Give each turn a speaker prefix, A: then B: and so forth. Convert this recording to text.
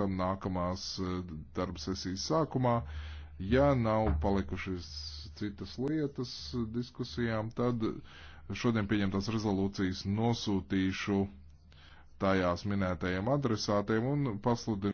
A: tam nākamās e, darba sesijas sākumā. Ja nav palikušas citas lietas diskusijām, tad šodien pieņemtās rezolūcijas nosūtīšu tajās minētajiem adresātiem un pasludinu.